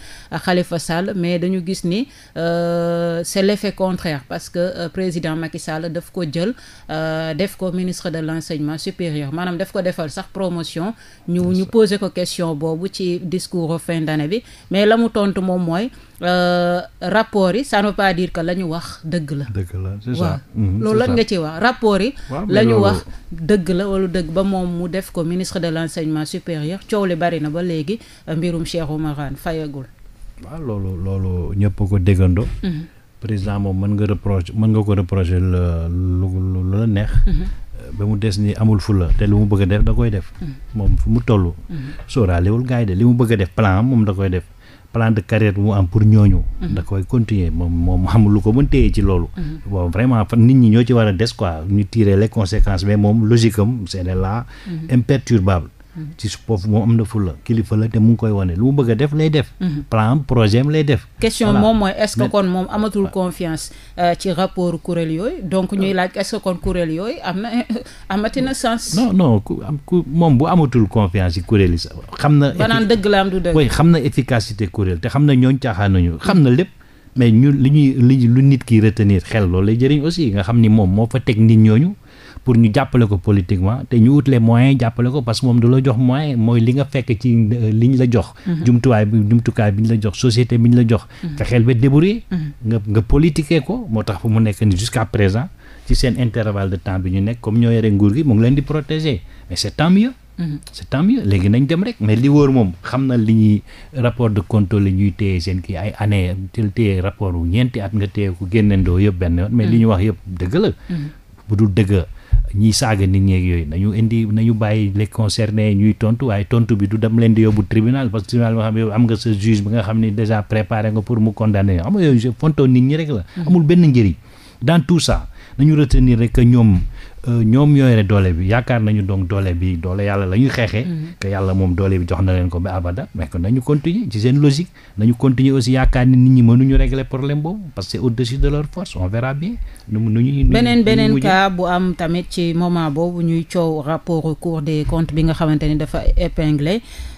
Khalifa Sall mais dañu gis ni c'est l'effet contraire parce que président Macky Sall daf ko jël def ko ministre de l'enseignement supérieur maanaam daf ko defal sax promotion ñu ñu poser ko question boobu ci discours fin d'année bi mais la mu tontu moom mooy Euh, rapport yi ça ne veut pas dire la ñu wax dëgg la. dëgg la c'est ça mhm, loolu lan nga ci wax rapport yi. la wax dëgg la wala dëgg ba moom mu def ko ministre de l'enseignement supérieur coow li bari na ba léegi euh, mbirum Cheikh Oumar Anne fayagul. waaw loolu loolu ñëpp ko déggandoo. Mhm. président moom mën nga reproche mën nga ko reprocher lu la neex. Mhm. Euh, ba mu des ni amul fula te lu mu bëgg a def da koy def. moom mu toll. sóoraalewul gars yi de li mu bëgg a def plan moom da koy def. plan de carrière mu am pour ñooñu. Mhm. da koy continuer moom moom xam lu ko mën téye ci loolu. Mhm. bon vraiment nit ñi ñoo ci war a des quoi ñu tirer les conséquences mais moom logique am c'est là ci su foofu moom am na fulla kilifa la te mu ngi koy wane lu mu bëgg def lay def. Mhm. plan projet am lay def. question moom mooy est kon moom amatul confiance euh, ci rapport kuréel yooyu donc ñuy euh. laaj est-ce que kon kuréel yooyu am na amati na sens. non non ku moom bu amatul confiance ci kuréel yi xam na. banaan dëgg la am du dëgg. xam na efficacité kuréel te xam na ñooñ caaxaan nañu xam na lépp. mais ñun li ñuy lu nit ki retenir xel loolu lay jëriñ aussi nga xam ni moom moo fa teg ñooñu pour ñu jàppale ko politiquement te ñu wut les moyens jàppale ko moom du la jox moyen mooy li nga fekk ci euh, liñ la jox mm-hmm. jumtuwaay bi jumtukaay bi ñu la jox société bi ñu la jox mm-hmm. fexeel ba débrouiller mm-hmm. nga nga politiquer moo tax mu nekk ni jusqu'à présent ci seen intervalle de temps bi ñu nekk comme ñoo yore nguur gi nañ dem mais li wóor moom xam na li ñuy rapport de contrôle la ñuy téye seen kii ay année tel téye rapport wu ñeenti at nga téye ko génnendoo yëpp benn yoon mais li ñu wax yëpp dëgg la bu ñiy saaga nit ñeeg yooyu nañu indi nañu bàyyi les concernés ñuy tontu waaye tontu bi du dem leen di yóbbu tribunal parce que tribunal boo xam ne yow am nga sa juge bi nga xam ne déjà préparé nga pour mu condamner xam nga yooyu fontoo nit mm-hmm. amul benn njëriñ dans tout ça nañu retenir rek que ñoom. Euh, ñoom ñoo yore doole bi yaakaar nañu donc doole bi doole yàlla la xeexee mm-hmm. que yàlla moom doole bi jox na leen ko ba abada mais que nañu continuer ci seen logique nañu continuer aussi yaakaar ni nit ñi mënuñu régler problème boobu parce que au-dessus de leur force on verra bien nu mu nu ñuy beneen beneen cas bu am tamit ci moment boobu ñuy coow rapport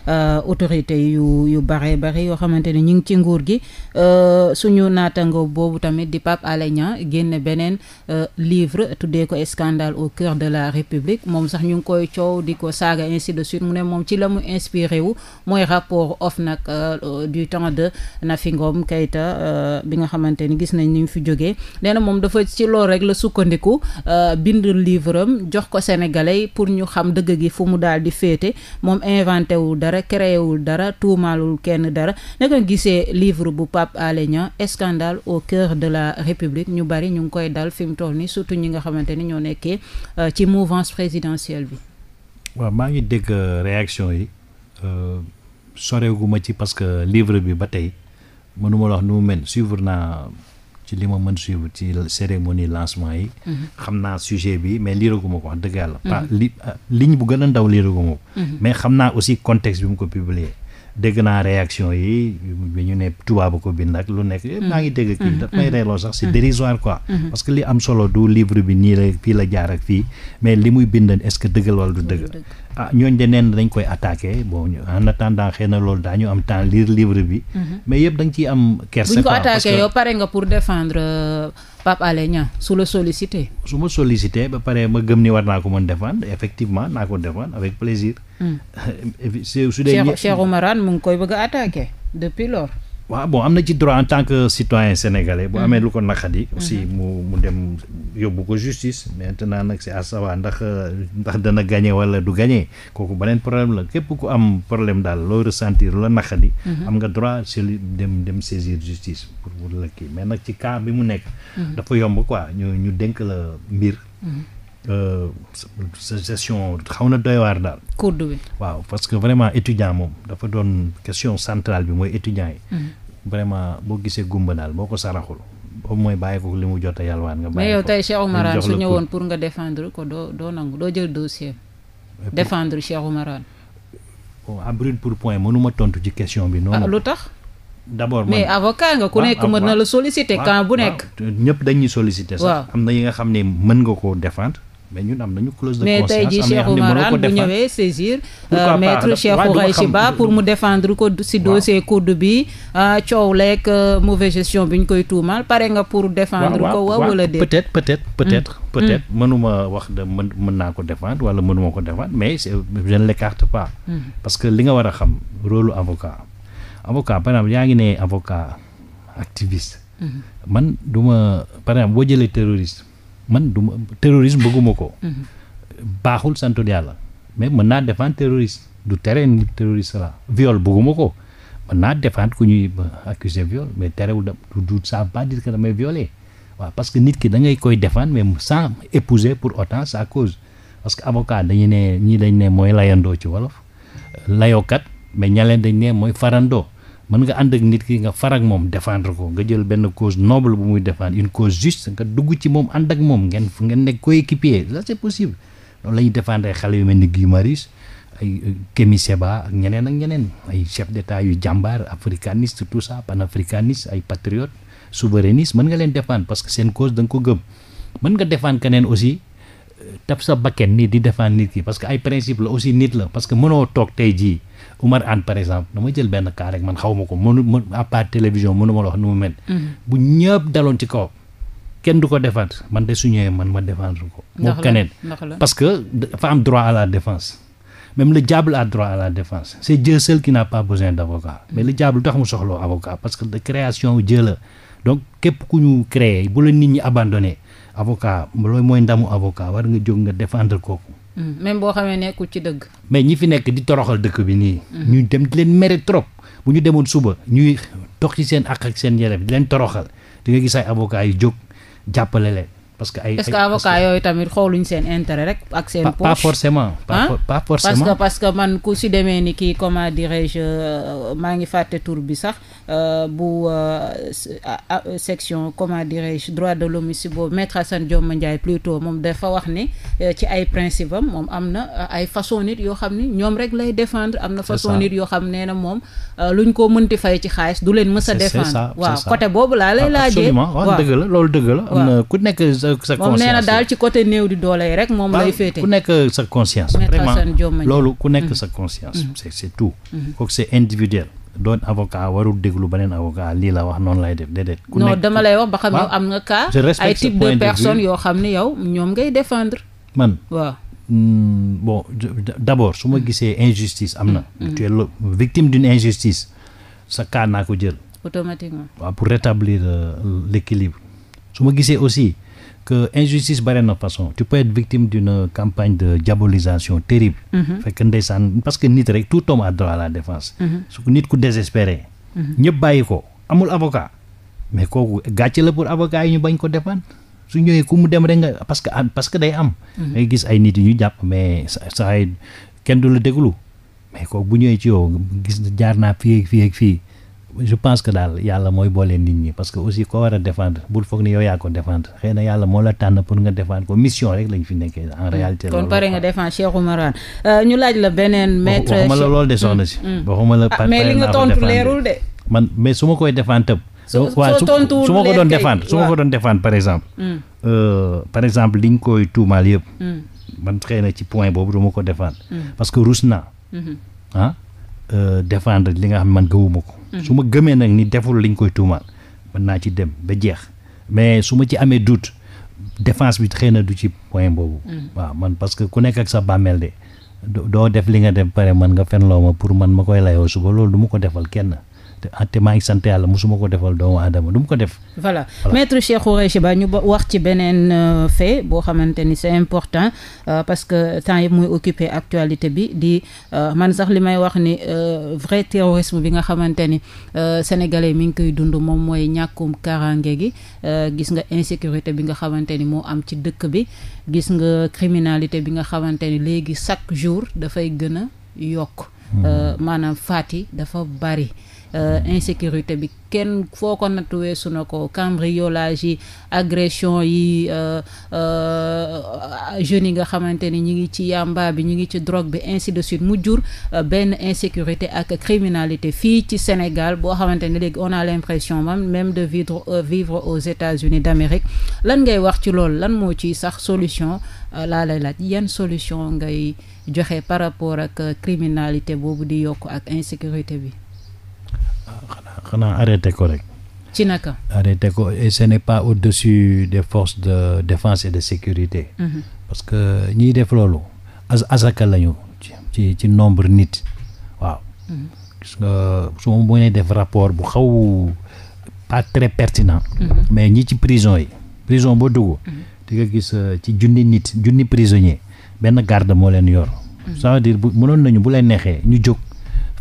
euh, yu yu bare yoo xamante ni ñu ngi ci nguur gi euh, suñu naatango boobu tamit di Pape Alé Niang génn beneen livre tuddee ko scandale Sénégal au cœur de la République moom sax ñu ngi koy coow di ko saaga ainsi de suite mu ne moom ci la mu inspiré wu mooy rapport OFNAC euh, euh, du temps de Nafi Ngom Keïta euh, bi nga xamante ni gis nañ ni fi jógee nee moom dafa ci loolu rek la sukkandiku bind livre am jox ko sénégalais pour ñu xam dëgg gi fu mu daal di féete moom inventé wul dara créé wul dara tuumaalul kenn dara naka gisee livre bu Pape Alé Niang scandale au cœur de la République ñu bari ñu ngi koy dal mu Euh, ci mouvance présidentielle bi. waaw maa ngi dégg euh, réaction yi euh, sorewuma ci parce que livre bi ba tey mënuma la wax nu mu mel suivre naa ci li ma mën suivre ci cérémonie lancement yi. Mhm. xam naa sujet bi mais liiraguma ko wax dëgg mhm. li ligne a ndaw liiraguma mhm. xam naa aussi contexte bi mu ko publier. dégg naa réaction yi bi ñu ne tubaab ko bind ak lu nekk yëpp maa ngi dégg kii mm-hmm. daf may mm-hmm. sax c'est mm-hmm. dérisoire quoi parce que li am solo du livre bi nii la fii la jaar ak fii mais li muy bindan est dëggal wala du dëgg ah ñooñ de neen dañ koy attaqué bon en attendant xëy na loolu daañu am temps lire livre bi mais yëpp dañ ciy am kersa buñ ko attaqué yow pare nga pour défendre euh, Pape Alé Niang su la sollicité. su ma sollicité ba pare ma gëm ni war naa ko mën défendre effectivement naa ko défendre avec plaisir. Hmm. su dee Cheikh Oumar Anne mu ngi koy bëgg a attaqué depuis lors. waaw bon am na ci droit en tant que citoyen sénégalais bu mm-hmm. amee lu ko naqadi mm-hmm. aussi mu mu dem yóbbu ko justice maintenant nag c'est à savoir ndax euh, ndax dana gagné wala du gagné kooku beneen problème la képp ku am problème daal loo ressentir la naqadi mm-hmm. am nga droit seli dem dem saisir justice pour pour la kii mais nag ci cas bi mu nekk dafa yomb quoi ñu ñu dénk la mbir Euh, sa gestion xaw na doy waar daal. courbe bi waaw parce que vraiment étudiant moom dafa doon question centrale bi mooy étudiant yi. Mm-hmm. vraiment boo gisee gumba daal boo ko saraxul. boobu mooy bàyyi ko li mu jot a yàlwaan nga. bàyyi ko yow tey Cheikh Oumar su ñëwoon pour nga défendre ko doo doo nangu doo jël dossier défendre Cheikh Oumar. bon pour point mënuma tontu ci question bi. noonu ah, lu tax. d'abord mais avocat nga ku ah, nekk ah, mën na la solliciter. quand bu nekk ñëpp dañuy solliciter sax. am na yi nga xam ne mën nga koo défendre. mais ñun am nañu clause de conscience mais tey jii Cheikh Oumar Anne bu ñëwee saisir euh, maître Cheikh Khoureychi Ba pour mu défendre ko si dossier COUD bi euh, coow leeg euh, mauvaise gestion bi ñu koy tuumal pare nga pour défendre ko waaw wala déet peut-être peut-être peut-être hmm. peut-être hmm. mënuma wax de mën mën naa ko défendre wala mënuma ko défendre mais je ne l'écarte pas hmm. parce que li nga war a xam rôle avocat avocat par exemple yaa ngi ne avocat activiste man duma par exemple boo jëlee terroriste man du ma terrorisme bëgguma ko. Mhm. baaxul santul yàlla mais mën naa défendre terroriste du tere ni terroriste la viol bëgguma ko mën naa défendre ku ñuy accuser viol mais terewul da du ça pas dire que damay violé waaw parce que nit ki da ngay koy défendre mais sans épouser pour autant sa cause parce que avocat dañu ne ñii dañ ne mooy layandoo ci wolof layokat mais ñaleen dañ ne mooy farandoo mën nga ànd ak nit ki nga far ak moom défendre ko nga jël benn cause noble bu muy défendre une cause juste nga dugg ci moom ànd ak moom ngeen ngeen nekk coéquipier là c'est possible loolu la ñuy défendre xale yu mel ni Guy Marius ay euh, Kémi Séba ak ñeneen ak ñeneen ay chef d'état yu jàmbaar africaniste tout ça panafricaniste ay patriote souverainiste mën nga leen défendre parce que seen cause da nga ko gëm mën nga défendre keneen aussi taf sa bakken nii di défendre nit ki parce que ay principe la aussi nit la parce que mënoo toog tey jii Oumar Anne par exemple dama jël benn cas rek man xaw ma ko mënu mën à télévision mënu ma la wax nu mu mel. Mm-hmm. bu ñëpp daloon ci kaw kenn du ko défendre man de su man ma défendre ko. moo keneen parce que dafa am droit à la défense. même le diable a droit à la défense c'est Dieu seul qui n'a pas besoin d'avocat mm-hmm. mais le diable tax mu soxla avocat parce que avocat loolu mooy ndamu avocat war nga jóg nga défendre kooku. Hmm. même boo xamee nekkul ci dëgg. mais ñi fi nekk di toroxal dëkk bi nii. Hmm. ñu dem di leen mere trop bu ñu demoon suba ñuy dox ci seen àq ak seen yelleef di leen toroxal di nga gis ay avocats yu jóg jàppale leen. parce que ay est a que yooyu tamit xooluñ seen intérêt rek ak seen poche pas forcément pas forcément parce que parce man ku si demee ni kii comment dirais-je euh, maa ngi fàtte tur bi sax Euh, bu euh, section comment dirais-je droit de l'homme si boobu seen Assane Dioma Ndiaye plutôt moom dafa wax ni euh, ci ay principe moom am na ay façon nit yoo xam ni ñoom rek lay défendre am na façon nit yoo xam nee na moom luñ ko mënti fay ci xaalis du leen mës a défendre waaw côté boobu laa lay ah, laajee ah, waaw dëgg la loolu dëgg la am na ku nekk sa moom nee daal ci côté néew di doole rek moom lay féete ku nekk sa conscience vraiment loolu ku nekk mm-hmm. sa conscience mm-hmm. c'est c'est tout mm-hmm. kooku doon avocat warul déglu ba beneen avocat lii la wax noonu lay def déedéet. ku nekk dama lay wax ba xam yow am nga cas. ay type de personnes yoo xam ne yow ñoom ngay défendre. man waaw. Hmm, bon su ma hmm. gisee injustice am na. Hmm. tu es la victime d'une injustice sa cas naa ko jël. automatiquement waaw pour rétablir euh, l'équilibre su ma gisee aussi. que injustice bare na façon tu peux être victime d'une campagne de diabolisation terrible mhm. fekk ndeysaan parce que nit rek tout homme a droit à la défense mhm. su nit ku désespéré mhm. ñëpp bàyyi ko amul avocat mais kooku gàcce la pour avocat yi ñu bañ ko défendre su ñëwee ku mu dem rek nga parce que day am ngay gis ay nit ñu jàpp mais saa yi kenn du la déglu mais kooku bu ñëwee ci yow gis jaar naa fii ak fii ak fii je pense que daal yàlla mooy boole nit ñi parce que aussi koo war a défendre bul foog ni yow yaa ko défendre xëy yàlla moo la tànn pour nga défendre ko mission rek lañ fi nekkee en réalité. kon pare nga défendre Cheikh Oumar euh, ñu laaj la beneen maître. waxuma la loolu de soxna si. Mm. waxuma la ah, par li nga tontu leerul de. man su ma koy défendre tëb. waaw su ma ko doon défendre su ma ko doon défendre par exemple. Mm. Euh, par exemple koy tuumaal yëpp. Mm. man xëy ci point boobu du ko défendre. parce que Euh, défendre li nga xam ne man gëwuma ko. Mm-hmm. su ma gëmee nag ni deful liñ koy tuumaal man naa ci dem ba jeex mais su ma ci amee doute défense bi xëy na du ci point boobu. Mm-hmm. waaw man parce que ku nekk ak sa bàmmeel de doo def li nga dem pare man nga fenloo ma pour man ma koy layoo suba loolu du ma ko defal kenn. te maa ngi sant yàlla musuma ko defal doomu aadama du mu ko def. voilà maître Cheikh Khoureyssi Ba ñu wax ci beneen euh, fait boo xamante ni c'est important euh, parce que temps yëpp mooy occupé actualité bi di euh, man sax li may wax ni vrai terrorisme bi nga xamante ni sénégalais mi ngi koy dund moom mooy ñàkkum karange gi gis nga insécurité bi nga xamante ni moo am ci dëkk bi gis nga criminalité bi nga xamante ni léegi chaque jour dafay gën a yokk. Hmm. maanaam faat yi dafa bari. Euh, insécurité bi kenn foo ko natt weesu na ko cambriolage yi agression yi euh, euh, jeunes yi nga xamante ni ñu ngi ci yamba bi ñu ngi ci drogue bi ainsi de suite mu jur benn insécurité ak criminalité fii ci Sénégal boo xamante ni léegi on a l'impression même même de vivre vivre aux États-Unis d'Amérique lan ngay wax ci loolu lan moo ci sax solution laa lay laaj yan solution ngay joxe par rapport ak criminalité boobu di yokk ak insécurité bi xanaa xanaa arrêté ko rek. ci naka. arrêté ko et ce n'est pas au-dessus des forces de défense et de sécurité. Mhm. parce que ñiy def loolu as asaka lañu ci nombre nit waaw. Mhm. gis nga su ma bu xaw pas très pertinant mhm. mais ñi ci prison yi. prison boo dugg. di nga gis euh, ci junni nit junni prisonnier benn garde moo leen yor. ça veut mënoon nañu bu leen neexee ñu jóg.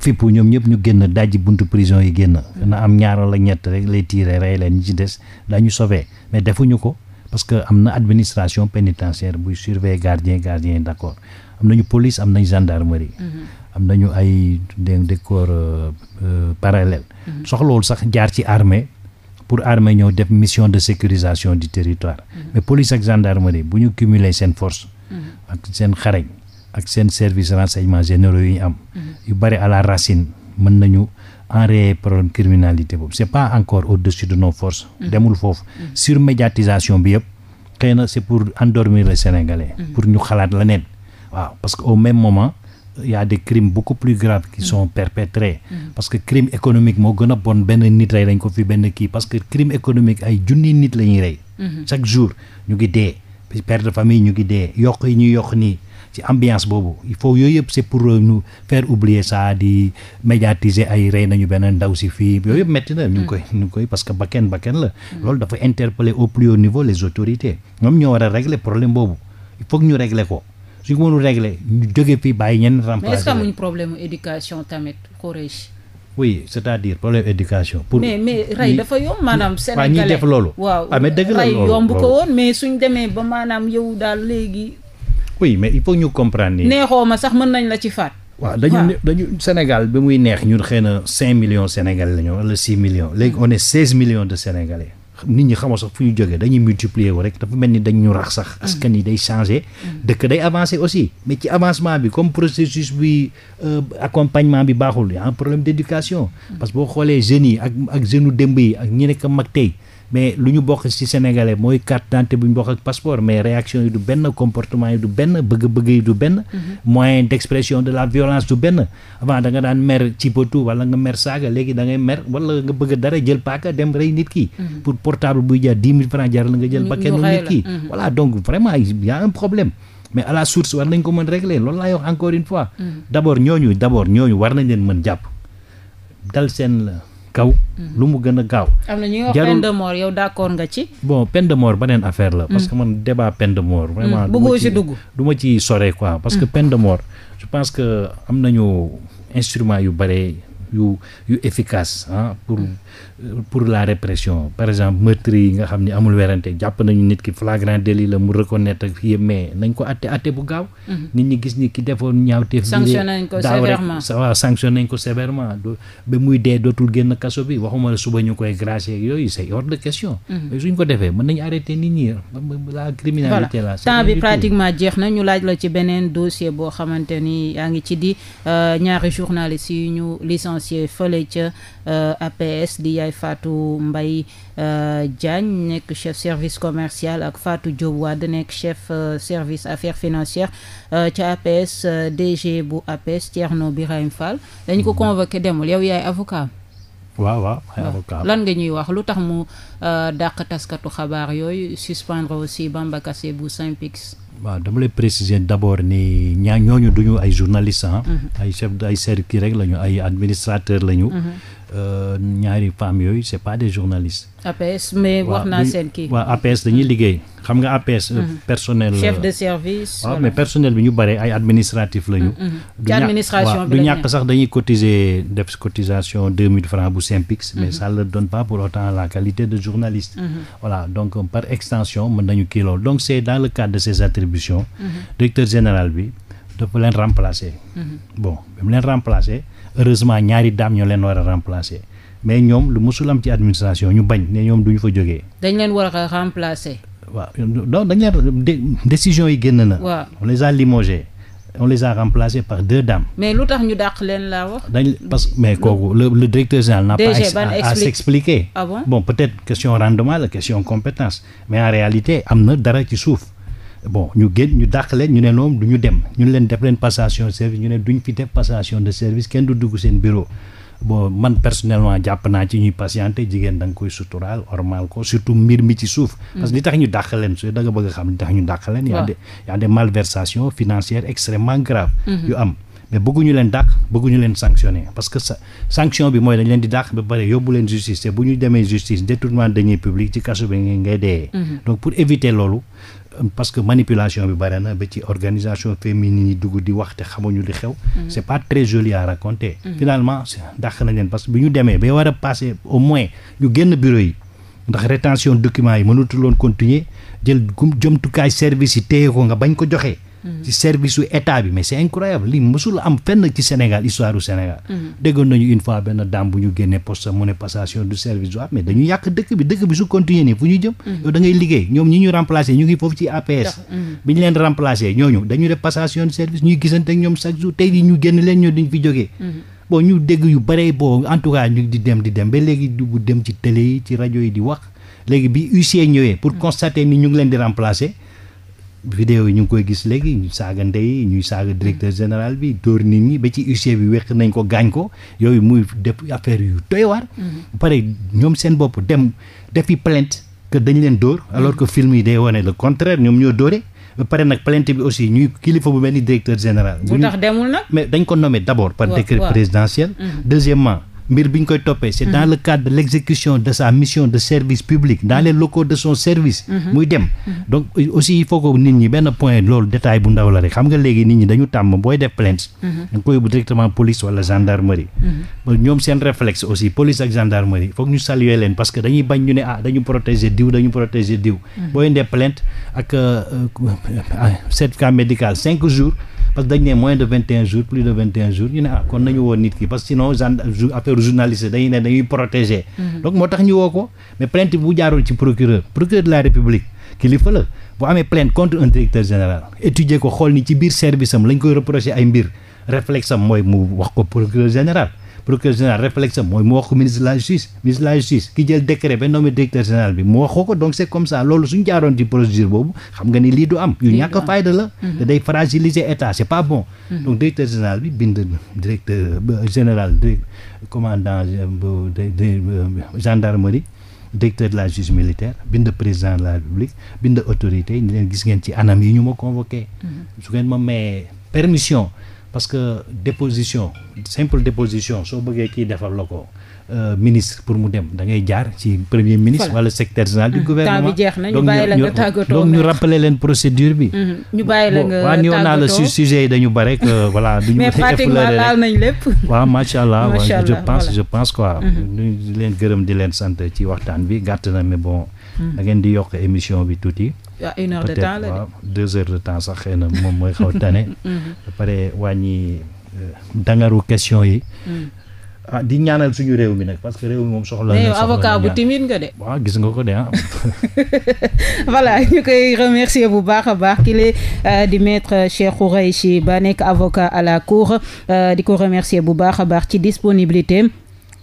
fippu ñoom ñëpp ñu génn dajji buntu prison yi génn na am ñaar wala ñett rek lay tiire rey leen ñi ci des dañu sauvé mais defuñu ko parce que am na administration pénitentiaire buy surveiller gardien gardien yi d' accord am nañu police am nañ gendarmerie mm-hmm. am nañu ay des euh, euh, parallèle mm-hmm. soxlawul sax jaar ci armée pour armée ñëw def mission de sécurisation du territoire mm-hmm. mais police ak gendarmerie bu ñu cumuler seen force ak seen xarañ ak seen service renseignement généraux yu ñu am yu bari à la racine mën nañu enrayer problème criminalité boobu c'est pas encore au-dessus de nos forces mhm. demul foofu mhm. surmédiatisation bi yëpp xëy na c'est pour endormir les Sénégalais mhm. pour ñu xalaat leneen waaw parce que au même moment il y a des crimes beaucoup plus graves qui sont perpétrés parce que crime économique moo gën a bon benn nit rey dañ ko fi benn kii parce que crime économique ay junni nit la ñuy rey chaque jour ñu ngi dee ñu ngi dee yokk yi ñuy yokk ci ambiance boobu il faut yooyu yëpp c'est pour ñu faire oublier ça di médiatiser ay rey nañu benn ndaw si fii yooyu yëpp métti na. ñu ngi koy ñu ngi koy parce que bakken bakken la. Mm. loolu dafa interpeller au plus haut niveau les ñoom ñoo war a régler problème boobu il ñu régler ko. su ñu ñu jóge fii bàyyi ñenn remplacer mais est-ce que amuñu problème éducation tamit Khoureychi. oui c'est-à-dire problème éducation. pour mais mais rey dafa yomb maanaam. Sénégalais waaw ñi def loolu. waaw ah mais dëgg la loolu rey yomb ko woon mais suñ demee ba maanaam oui mais il faut ñu comprendre ni. neexoo ma sax nañ la ci dañu Sénégal bi muy neex ñun xëy na cinq millions Sénégalais la ñu wala six millions léegi on est seize de Sénégalais nit ñi xamoo sax fu ñu jógee dañuy multiplier wu rek dafa mel ni dañ ñu rax sax. askan yi day changé. Mm-hmm. dëkk day avancé aussi mais ci avancement bi comme processus bi euh, accompagnement bi baaxul y a problème d' éducation. Mm-hmm. parce que boo xoolee jeunes yi ak ak jeunes démb yi ak ñi nekk mag tey. mais lu ñu bokk ci sénégalais mooy carte d'identité bu ñu bokk ak passeport mais réaction yi du benn comportement yi du benn bëgg-bëgg yi du benn mhm. moyen d'expression de la violence du benn avant da nga daan mer ci batu wala nga mer saaga léegi da ngay mer wala nga bëgg dara jël paaka dem rey nit ki mhm. pour portable buy jaar dix mille francs jaral nga jël bakkenu nit ki mhm. voilà donc vraiment il y a un problème mais à la source war nañ ko mën régler loolu laay wax encore une fois d'abord ñooñu d'abord ñooñu war nañ leen mën jàpp dal seen la kaw. Mhm. lu mu gën a gaaw. am na ñuy wax peine de mort yow d'accord nga ci. bon peine de mort beneen affaire la. parce que mhm. man débat peine de mort. vraiment mhm. bëggoo ci dugg du ma ci sore quoi. parce que peine de mort je pense que am nañu instrument yu bare yu yu efficace ah pour. pour la répression par exemple meurtre yi nga xam ne amul werante jàpp nañu nit ki flagrant délit la mu reconnaître fii mais nañ ko atte atte bu gaaw mhm. nit ñi gis ni ki defoon ñaawteef sanctionné nañ ko sévèrement waaw sanctionné nañ ko sévèrement ba muy dee dootul génn kaso bi waxuma suba ñu koy gracier yooyu c'est hors de question mhm. suñ ko defee mën nañu arrêté nit ñi la criminalité la temps bi pratiquement jeex na ñu laaj la ci beneen dossier boo xamante ni commerce di yaay Fatou Mbaye euh, Diagne nekk chef service commercial ak faatu Diop Wade nekk chef euh, service affaires financières euh, ca APS DG bu APS Thierno Birahim Fall dañ ko convoqué demul yow yaay avocat waaw waaw lan nga ñuy wax lu tax mu dàq taskatu xabaar yooyu suspendre aussi Bamba Kassé bu Synpics waaw dama lay préciser d'abord ni ñaa ñooñu duñu ay journalistes ah. mm-hmm. ay chef ay serki rek lañu ay administrateur lañu mm-hmm. Euh, ñaari femmes yooyu c' est pas des journalistes. APS mais wax naa seen kii. waaw APS dañuy liggéey xam nga APS. Euh, mm-hmm. personnel chef euh, de service. mais personnel bi ñu bare ay administratif la ñu. Mm-hmm. ci administration bi du ñàkk sax dañuy cotiser def cotisation 2000 francs bu Synpics. mais mm-hmm. ça ne le donne pas pour autant la qualité de journaliste. voilà donc par extension mën nañu kii loolu donc c' est dans le cadre de ses attributions. directeur général bi dafa leen remplacer. bon bi leen remplacer. heureusement ñaari daam ñoo leen war a remplacer mais ñoom lu mosul am ci administration ñu bañ ne ñoom du ñu fa jógee. dañ leen war a remplacer. waaw non dañ leen décision yi génn na. waaw on les a limogés. on les a remplacés par deux dames. mais lu tax ñu dàq leen laa wax. dañ parce mais kooku le le directeur général n'a pas à s'expliquer. ah bon bon peut-être question rendement la question compétence mais en réalité am na dara ci suuf. bon ñu génn ñu dàq leen ñu ne noom du ñu dem ñu leen def leen passation de service ñu ne duñ fi def passation de service kenn du dugg seen bureau man personnellement jàpp naa ci ñuy patienté jigéen da nga koy suturaal ormal ko surtout mbir mi ci suuf. parce que li tax ñu dàq leen su da nga bëgg xam li tax ñu dàq leen. waaw y a des y a extrêmement graves. Mhm. yu am. mais bëgguñu leen dàq bëgguñu leen sanctionner parce que sa sanction bi di dàq de deniers publics parce que manipulation bi bare na ba ci organisation féminine dugg di wax xamuñu li xew. Mhm. c'est pas très joli à raconter. Mhm. finalement dàq nañ leen parce que bi ñu demee ba war a passer au moins ñu génn bureau yi ndax rétention documents yi mënatuloon continuer jël jumtukaay service yi téye ko nga bañ ko joxee Mm-hmm. ci service su état bi mais c'est incroyable li mësul am fenn ci Sénégal histoire du Sénégal mm-hmm. déggoon nañu une fois benn dame bu ñu génnee poste mu ne passation du service du mais dañu yàq dëkk bi dëkk bi su continuer nii fu ñu jëm mm-hmm. yow da ngay liggéey ñoom ñi ñu remplacé ñu ngi foofu ci APS bi ñu leen remplacé ñooñu dañu def passation de service ñuy gisante ak ñoom chaque jour tey di ñu génn leen ñoo duñ fi jógee bon ñu dégg yu bare boo en tout cas ñu di dem di dem ba léegi du dem ci télé yi ci rajo yi di wax léegi bi huissier ñëwee pour constater ni ñu ngi leen di remplacer vidéo yi ñu ngi koy gis léegi ñu saaga ndey ñuy saaga directeur général bi dóor nit ñi ba ci huissier bi weq nañ ko gaañ ko yooyu muy def affaire yu doy waar. Mm-hmm. ba pare ñoom seen bopp dem defi plainte que dañ leen dóor mm-hmm. alors que film yi day wane le contraire ñoom ñoo dóore ba pare nag plainte bi aussi ñuy kilifa bu mel ni directeur général. bu tax demul nag mais dañ ko nommé d' abord par décret présidentiel. Mm-hmm. deuxièmement mbir bi ñu koy toppee c'est dans mhm. le cadre de l'exécution de sa mission de service public dans le locaux de son service mhm. muy dem mhm. donc aussi il faut que nit ñi benn point loolu détail bu ndaw la rek xam nga léegi nit ñi dañu tàmm booy def plainte da koy yóbbu directement police wala gendarmerie ñoom seen réflexe aussi police ak gendarmerie il ñu saluer leen parce que dañuy bañ ñu ne ah dañu protéger diw dañu protéger diw booy indee plainte ak euh, euh, euh, certificat médical parce que dañ ne moins de jours plus de jours ñu ne ah kon nañu woo nit ki parce que sinon genre affaire journaliste dañuy ne dañuy protéger. Mhm. donc moo tax ñu woo ko mais plainte bu jaarul ci procureur procureur de la république kilifa la bu amee plainte contre un directeur général étudier ko xool ni ci biir service lañ koy reprocher ay mbir réflexe mooy mu wax ko procureur général. procureur général réflexe mooy mu wax ministre de la justice ki jël décret ba nommé directeur général bi mu wax ko donc c' est comme ça loolu suñ jaaroon ci procédure boobu xam nga ni lii du am yu ñàkk fayda la mhm. day fragiliser état c' pas bon mhm. donc directeur général bi euh, euh, de la justice militaire bind président de la république bind autorité yi ngeen ci anam yi ñu ma convoqué mhm. su ngeen ma mayee permission parce que déposition simple déposition soo bëggee kii defal la ko euh, ministre pour mu dem da ngay jaar ci premier ministre. wala secrétaire général du hmm. gouvernement. jeex na ñu bàyyi la donc ñu rappale leen procédure bi. Hmm. ñu bàyyi la nga tàggatoo waaw naa la su sujet yi dañu bare que voilà. du ñu mais pratiquement laal nañ lépp. waaw macha allah je pense je pense quoi. Hmm. ñu di leen gërëm di leen sant ci waxtaan bi gàtt na mais bon. da ngeen di yokk émission bi tuuti. à une heure de temps la waaw deux heures de temps sax xëy na moom mooy xaw tane. Mhm. ba pare wàññi euh, dangaru question yi. Mhm. ah di ñaanal suñu réew mi nag parce que réew mi moom soxla na avocat bu timide nga de. gis nga ko de ah. voilà ñu koy remercier bu baax a baax ki lay euh, di maître Cheikh Khoureychi Ba nekk avocat à la cour euh, di ko remercier bu baax a baax ci disponibilité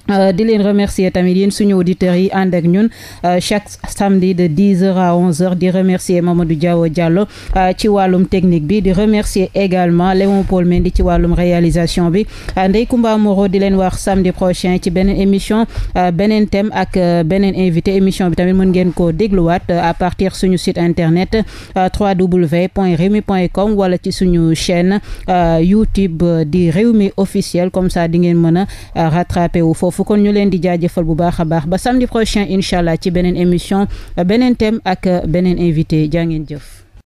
Euh, di leen remercier tamit yéen suñu auditeurs yi ànd ak ñun euh, chaque samedi de 10 heures à 11 heures di remercier Mamadou Diaw Diallo euh, ci wàllum technique bi di remercier également Léon Paul ci wàllum réalisation bi Ndeye Comba Moreau di leen wax samedi prochain ci beneen émission beneen thème ak beneen invité émission bi tamit mën ngeen ko dégluwaat à partir suñu site internet www.rewmi.com wala ci suñu chaîne YouTube di Rewmi officiel comme ça di ngeen mën a foofu kon ñu leen di jaajëfal bu baax a baax ba samedi prochain incha allah ci beneen émission beneen thème ak beneen invité jaa ngeen jëf